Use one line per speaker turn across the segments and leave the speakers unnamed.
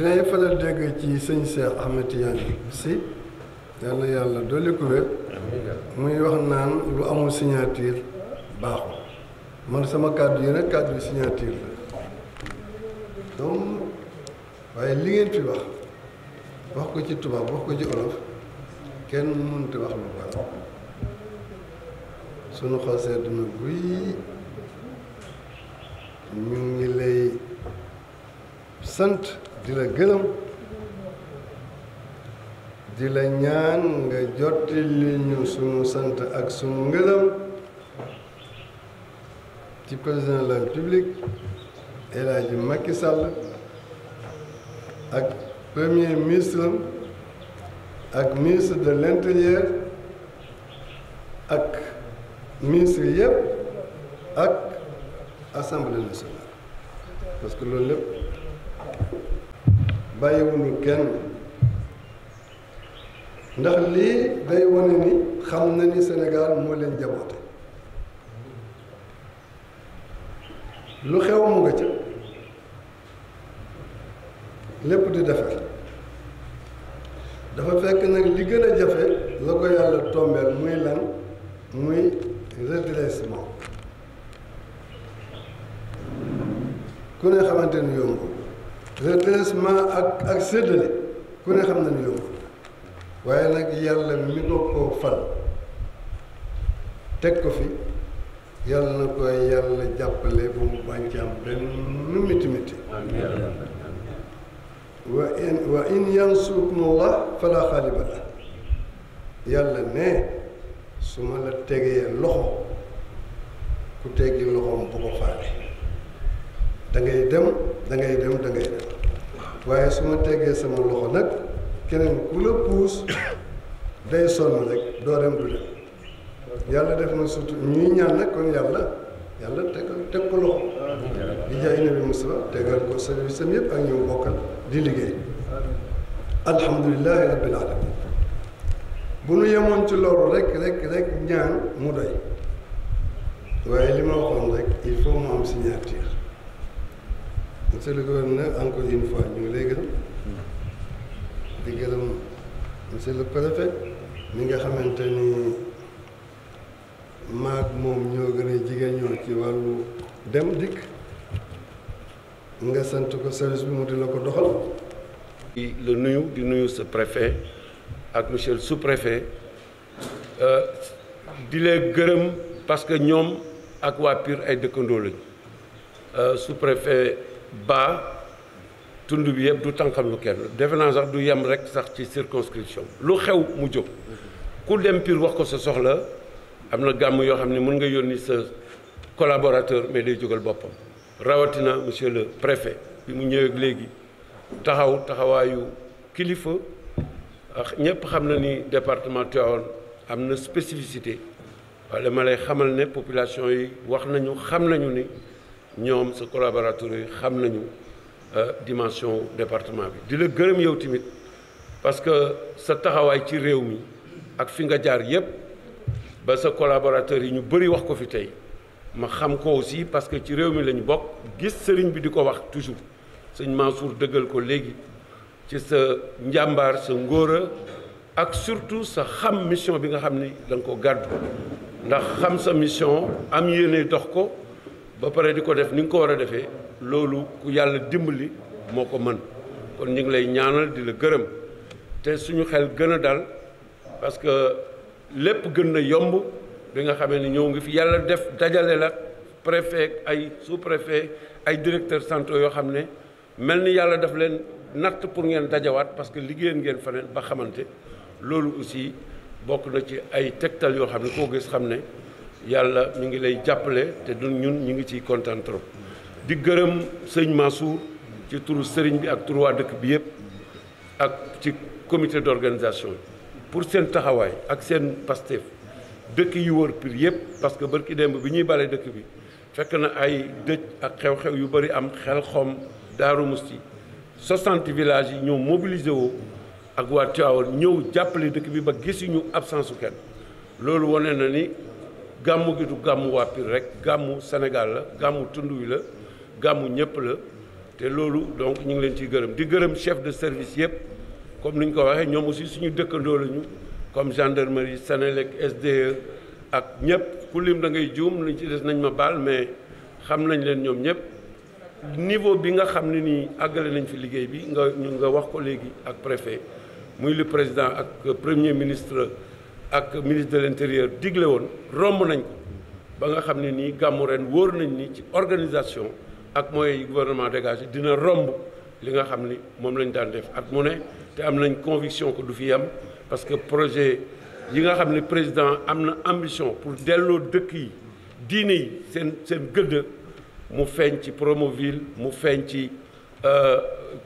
dinay faral dégg ci sëñ Cheikh Ahmed Tidiane si yàlla yàlla dolli ko muy wax naan lu amul signature baaxul man sama kàddu yi nag kàddu yi signature la donc waaye li ngeen fi wax wax ko ci tubaab wax ko ci olof kenn mënut wax lu bari sunu xol sedd na guy ñu ngi lay sant di la gërëm di la ñaan nga jotti li ñu sunu sant ak sunu ngërëm ci président de la république El Hadji Macky Sall ak premier ministre ak ministre de l'intérieur ak ministre yëpp ak assemblée nationale parce que loolu lépp bàyyiwuñu kenn ndax lii day wane ni xam na ni Sénégal moo leen jaboote lu xew mu nga ca lépp di defar dafa fekk nag li gën a jafe la ko yàlla tombeel muy lan muy redressement ku ne xamante ni redressement ak ak séddale ku ne xam na ni yow waaye nag yàlla mi ko koo fal teg ko fi yàlla na ko yàlla jàppale bu mu bañ ci am benn miti miti wa in wa in yansurkumullah fala xaaliba la yàlla ne su ma la tegee loxo ku teggi loxoom bu ko faale da ngay dem da ngay dem da dem waaye su ma tegee sama loxo nag keneen ku la puus day sonn rek doo dem du dem yàlla def na surtout ñuy ñaan nag kon yàlla yàlla teg teg ko loxo di jaay nabi Mustafa tegal ko service am yëpp ak ñëw bokkal di liggéey alhamdulilahi rabbil alamin bu nu yemoon ci loru rek rek rek ñaan mu doy waaye li ma waxoon rek il faut mu am signature monsieur le gouverneur encore une fois ñu ngi lay gërëm di gërëm monsieur le mi nga xamante ni maag moom ñoo gën a jigéen ñoo ci wàllu dem dikk nga sant ko service bi mu di la ko doxal
la nuyu di nuyu sa préfet ak monsieur le sous-préfet euh, di leen gërëm parce que ñoom ak waa Pire ay dëkkandoo lañu euh, sous-préfet baa tund bi yëpp du tànqam lu kenn defe naa sax du yem rek sax ci circonscription lu xew mu jóg ku dem Pire wax ko sa soxla am na gàmm yoo xam ne mën nga yónni sa collaborateur mais day jógal boppam rawatina monsieur le préfet bi mu ñëweek léegi taxaw taxawaayu kilifa ñëpp xam na ni département Tivaouane am na spécificité wala ma lay xamal ne population yi wax nañu xam nañu ni ñoom sa collaborateurs yi xam nañu euh, dimension département bi di la gërëm yow tamit parce que sa taxawaay ci réew mi ak fi nga jaar yépp ba sa collaborateurs yi ñu bëri wax ko fi tey ma xam ko aussi parce que ci réew mi lañu bokk gis sëriñ bi di ko wax toujours sëñ Mansour dëggal ko léegi ci sa njàmbaar sa ngóora ak surtout sa xam mission bi nga xam ni da nga ko gàddu ndax xam sa mission am yéene dox ko ba pare di ko def ni nga ko war a defee loolu ku yàlla li moo ko mën kon ñu ngi lay ñaanal di la gërëm te suñu xel gën a dal parce que lépp gën na yomb bi nga xamee ne ñëw ngi fi yàlla def dajale la préfet ay sous-préfet ay directeurs centraux yoo xam ne mel ni yàlla daf leen natt pour ngeen dajawaat parce que liggéeyeen ngeen faneen ba xamante loolu aussi bokk na ci ay tegtal yoo xam ne koo gis xam ne yàlla mi ngi lay jàppale te du ñun ñu ngi ciy kontaan di gërëm sëñ Mansour ci turu sëriñ bi ak turu dëkk bi yëpp ak ci comité d'organisation pour seen taxawaay ak seen Pastef dëkk yu wër Pire yëpp parce que barki démb bi ñuy bale dëkk bi fekk na ay dëj ak xew-xew yu bëri am xel xom Daaru Musti 60 villages yi ñoo mobilisé woo ak waa Tivaouane ñëw jàppale dëkk bi ba gisuñu absence su kenn loolu wane na ni gàmmu gi du gàmmu waa rek gàmmu Sénégal la gàmmu tund wi la gàmmu ñëpp la te loolu donc ñu ngi leen ciy gërëm di gërëm chef de service yëpp comme ni ñu ko waxee ñoom aussi suñu dëkkandoo lañu comme gendarmerie Sénélec SDE ak ñëpp ku lim da ngay juum luñ ci des nañ ma baal mais xam nañ leen ñoom ñëpp niveau bi nga xam ne nii àggale nañ fi liggéey bi nga ñu nga wax ko léegi ak préfet muy le président ak premier ministre. ak ministre de l' intérieur digle woon romb nañ ko ba nga xam ne nii gàmmu ren wóor nañ ni ci organisation ak moyens yi gouvernement dégagé dina romb li nga xam ni moom lañ daan def ak mu ne te am nañ conviction ko du fi yam parce que projet yi nga xam ne président am na ambition pour delloo dëkk yi diine yi seen seen gëdd mu feeñ ci Promoville mu feeñ ci euh,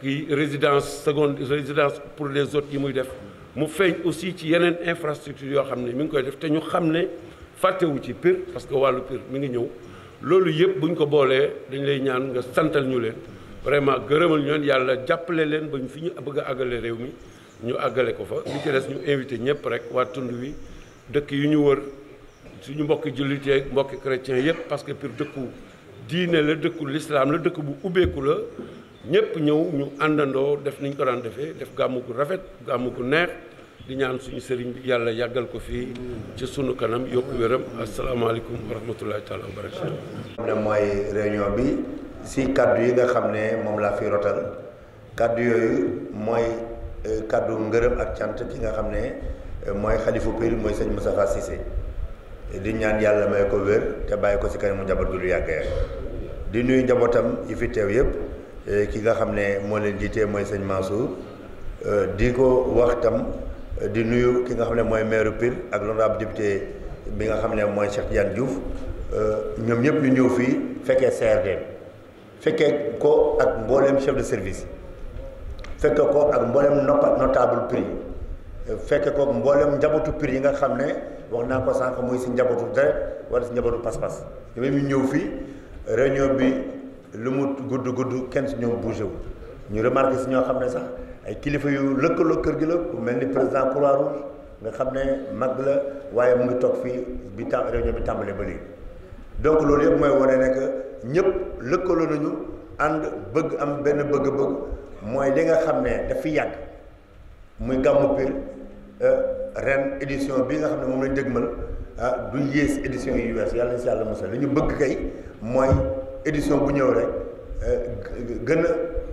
kii résidence seconde résidence pour les autres yi muy def mu feeñ aussi ci yeneen infrastructure yoo xam ne mi ngi koy def te ñu xam ne fàttewu ci Pire parce que wàllu Pire mi ngi ñëw loolu yëpp buñ ko boolee dañ lay ñaan nga santal ñu leen vraiment gërëmal ñoon yàlla jàppale leen ba fi ñu bëgg a àggale réew mi ñu àggale ko fa li ci des ñu invité ñëpp rek waa tund wi dëkk yu ñu wër suñu mbokki jullit yeeg mbokki chrétien yëpp parce que Pire dëkku diine la dëkku l'islam la dëkk bu ubbeeku la ñëpp ñëw ñu àndandoo def niñ ko daan defee def gàmmu gu rafet gàmmu gu neex di ñaan suñu sëriñ bi yàlla yàggal ko fii ci sunu kanam yokk wéram asalaamaaleykum wa rahmatullahi taala wa barakatu
mooy réunion bi si kaddu yi nga xam ne moom laa fi rotal kàddu yooyu mooy euh, kaddu ngërëm ak cant ki nga xam ne euh, mooy xalifu Pire mooy sëñ Moustapha Cissé di ñaan yàlla may ko wér te bàyyi ko si kanamu njaboot gi lu yàgg di nuyu njabootam yi fi teew yëpp Euh, ki nga xam ne moo leen jiitee mooy sëñ Mansour euh, di ko wax tam euh, di nuyu ki nga xam ne mooy maire Pire ak l'honorable député bi nga xam ne mooy Cheikh Tidiane Diouf ñoom ñëpp ñu ñëw fii fekkee CRD fekkee ko ak mbooleem chef de service fekke ko ak mbooleem noppat notable Pire fekkee ko mbooleem njabootu Pire yi nga xam ne wax naa ko sànq muy si njabootu deret wala si njabootu pas-pas ñoom ñëw fii réunion bi lu mu gudd gudd kenn si ñoom bougé wu ñu remarqué si ñoo xam ne sax ay kilifa yu lëkkaloo kër gi la ku mel ni président Croix Rouge nga xam ne mag la waaye mu ngi toog fii bi tam réunion bi tàmbalee ba léegi donc loolu yëpp mooy wane ne que ñëpp lëkkaloo nañu ànd bëgg am benn bëgg-bëgg mooy li nga xam ne daf yàgg muy gàmmu Pire euh, ren édition bi nga xam ne moom lañ dëgmal euh, du yées édition yu wees yàlla na si yàlla musal li ñu bëgg kay mooy. édision bu ñëw rek eh, gën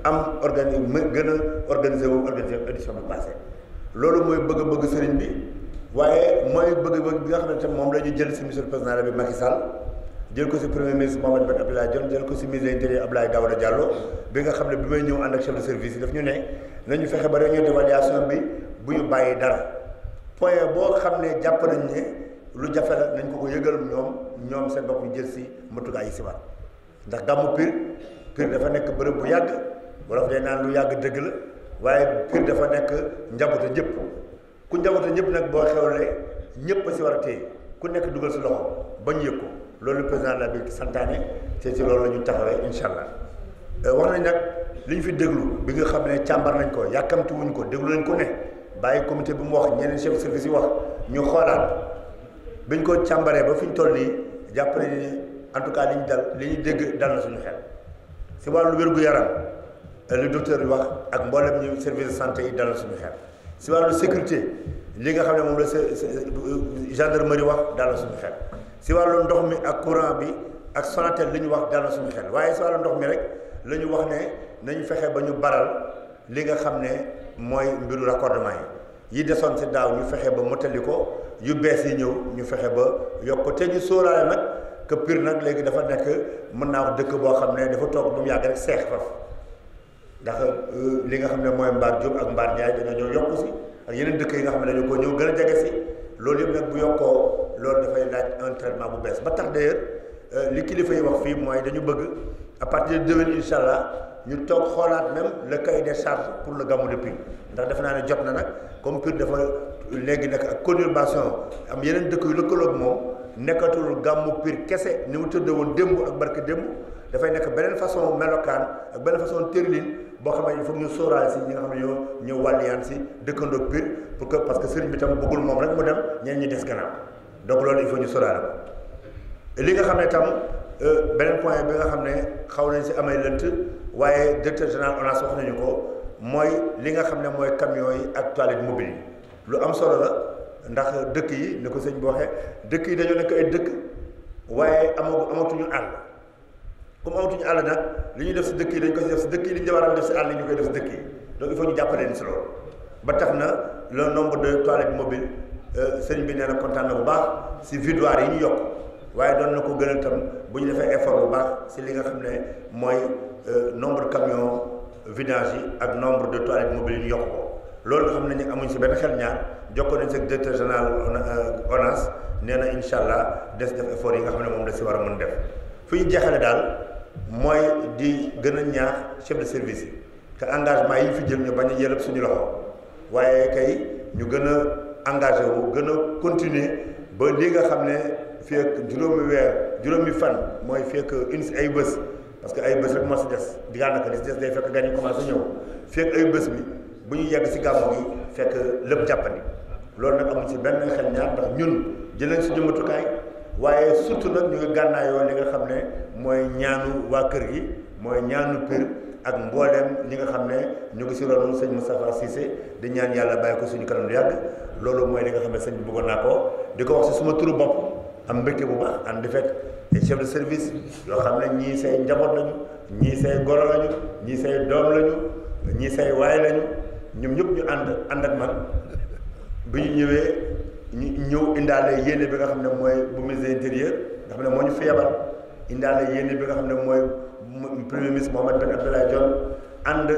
a am organi gën a organiser wu organiser édition bi passé loolu mooy bëgg-bëgg sëriñ bi waaye mooy bëgg-bëgg bi nga xamante ne moom la ñu jël si monsieur le président bi Macky Sall jël ko si premier ministre Mahammed Boun Abdallah Dionne jël ko si ministre intérieur Abdoulaye Daouda Diallo bi nga xam ne bi may ñëw ànd ak chef de service daf ñu ne nañu fexe ba réunion d'évaluation bi bu ñu bàyyi dara point boo xam ne jàpp nañ ne lu jafe la nañ ko ko yëgal ñoom ñoom seen bopp ñu jël si matukaay yi si war ndax gàmmu Pire Pire dafa nekk bërëb bu yàgg wolof day naan lu yàgg dëgg la waaye Pire dafa nekk njabootu ñëpp ku njabootu ñëpp nag boo xewlee ñëpp si war a téye ku nekk dugal si loxo ba ñu yëg ko loolu président de la République santaane te ci loolu la ñu taxawee incha allah euh, wax nañ nag li ñu fi déglu bi nga xam ne càmbar nañ ko yàkkamti wuñ ko déglu nañ ko ne bàyyi comité bu mu wax ñeneen chef service wax ñu xoolaat biñ ko càmbaree ba fi ñu toll nii jàppale en tout cas li ñu dal li ñu dégg dal na suñu xel si wàllu wér-gu-yaram li docteur bi wax ak mboolem ñu service de santé yi dal na suñu xel si wàllu sécurité li nga xam ne moom la gendarmerie wax dal na suñu xel si wàllu ndox mi ak courant bi ak Sonatel li ñu wax dal na suñu xel waaye si wàllu ndox mi rek la ñu wax ne nañu fexe ba ñu baral li nga xam ne mooy mbiru raccordement yi yi desoon si daaw ñu fexe ba mottali ko yu bees yi ñëw ñu fexe ba yokk te ñu sóoraale nag que Pire nag léegi dafa nekk mën naa wax dëkk boo xam ne dafa toog bu mu yàgg rek seex faf ndax euh, li nga xam ne mooy Mbar Diop ak Mbar Ndiaye dañoo ñëw yokku si ak yeneen dëkk yi nga xam ne dañu ko ñëw gën a jege si loolu yëpp nag bu yokkoo loolu dafay laaj un traitement bu bees ba tax euh, li kilifa wax fii mooy dañu bëgg à partir de déwén incha allah ñu toog xoolaat même le cahier des charges pour le Gamou de Pire ndax defe naa ne jot na nag comme Pire dafa léegi nag ak conurbation am yeneen dëkk yu lëkkaloog moom. nekkatul gàmmu Pire kese ni mu tëdd woon démb ak barke démb dafay nekk beneen façon melokaan ak beneen façon tërlin boo xam ne il faut ñu sóoraale si ñi nga xam ne ñoo si dëkkandoo Pire pour que parce que sëriñ tam bëggul moom rek mu dem ñeen ñi des gannaaw donc loolu il faut ñu sóoraale ko li nga xam ne tam euh, beneen point bi nga xam ne xaw nañ si amee lënt waaye directeur général ONAS wax nañu ko mooy li nga xam ne mooy camions yi ak toilettes mobiles bi lu am solo la. ndax dëkk yi ni ko sëñ bi waxee dëkk yi dañoo nekk ay dëkk waaye amagu amatuñu àll comme amatuñu àll nag li ñuy def si dëkk yi dañ ko def si dëkk yi def si àll ñu koy def si dëkk yi donc il faut ñu jàppale leen si loolu ba tax na loo nombre de toilettes mobiles euh, sëñ bi nee na kontaan bu baax si vidoires yi ñu yokk waaye doon na ko gënal tam bu ñu defee effort bu baax si li nga xam ne mooy euh, nombre de camions vidange yi ak nombre de toilettes mobiles yi ñu yokk ko loolu nga xam ne ñu amuñ si benn xel ñaar jokkoo nañ si directeur général ONAS euh, nee na incha allah des def effort yi nga xam ne moom la si war a mën def fi ñu jeexale daal mooy di gën a ñaax chef de service yi te engagement yi fi jël ñu bañ a yëlëb suñu loxo waaye kay ñu gën a engagé wu gën a continuer ba li nga xam ne fii ak juróomi weer juróomi fan mooy fekk ak une ay bës parce que ay bés rek moo si des di daanaka li si des day fekk gan yi commencé ñëw fii ak ay bés bi. bu ñu yegg si gàmmu gi fekk lépp jàppandi loolu nag amul si benn xel ñaar ndax ñun jëleen suñu matukaay waaye surtout nag ñu ngi gànnaayoo li nga xam ne mooy ñaanu waa kër gi mooy ñaanu Pire ak mbooleem ñi nga xam ne ñu ngi si ronu sëñ Moustapha Cissé di ñaan yàlla bàyyi ko suñu kanam lu yàgg loolu mooy li nga xam ne sëñ bi bëggoon naa ko di ko wax si suma turu bopp am mbégte bu baax ànd di ay chef de service yoo xam ne ñii say njaboot lañu ñii say goro lañu ñii say doom lañu ñii say waay lañu ñoom ñëpp ñu ànd ànd ak man bi ñu ñëwee ñu ñëw indaale yéene bi nga xam ne mooy bu ministre intérieur nga xam ne moo ñu fi feebal indaale yéene bi nga xam ne mooy premier ministre Mahammed Ben Abdoulaye Dionne ànd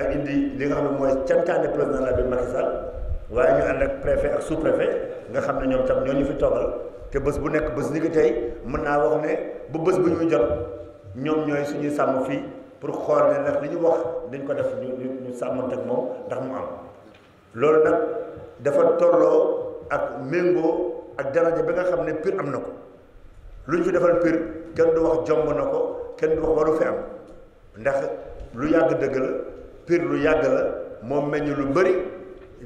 ak indi li nga xam ne mooy cantaane président la bi Macky Sall waaye ñu ànd ak préfet ak sous-préfet nga xam ne ñoom tam ñoo ñu fi toogal te bés bu nekk bés ni ki tey mën naa wax ne ba bés bu ñuy jot ñoom ñooy suñuy sàmm fii pour xool ne ndax li ñu wax dañ ko def ñu ñu sàmmante ak moom ndax mu am loolu nag dafa tolloo ak méngoo ak daraja bi nga xam ne piir am na ko lu ñu fi defal Pire kenn du wax jomb na ko kenn du wax waru fi am ndax lu yàgg dëgg la Pire lu yàgg la moom meññ lu bëri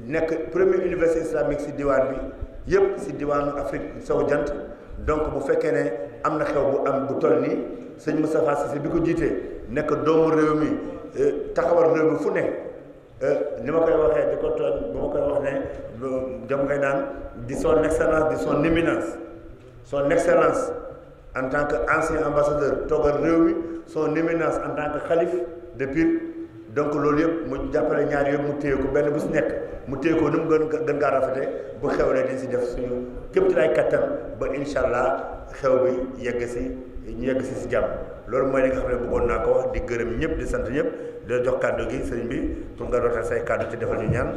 nekk premier université islamique si diwaan bi yëpp si diwaanu Afrique sowu jant donc bu fekkee ne am na xew bu am bu toll nii sëñ Moustapha si bi ko jiitee nekk doomu réew mi eh, taxawal réew mi fu ne eh, ni ma koy waxee di ko tooñ ba ma koy wax ne jom ngay naan di son excellence di son éminence son excellence en tant que ancien ambassadeur toogal réew mi son liminance en tant que xalif de Pire donc loolu yëpp mu jàppale ñaar yëpp mu téye ko benn bu si nekk mu téye ko ni mu gën gën gaa rafete bu xew ne di si def suñu képp ci kattan ba incha allah xew bi yegg si ñu yegg si si jàpp loolu mooy li nga xam ne bëggoon naa ko wax di gërëm ñëpp di sant ñëpp di jox kàddu gi sëriñ bi pour nga rootal say kàddu ci defal ñu ñaan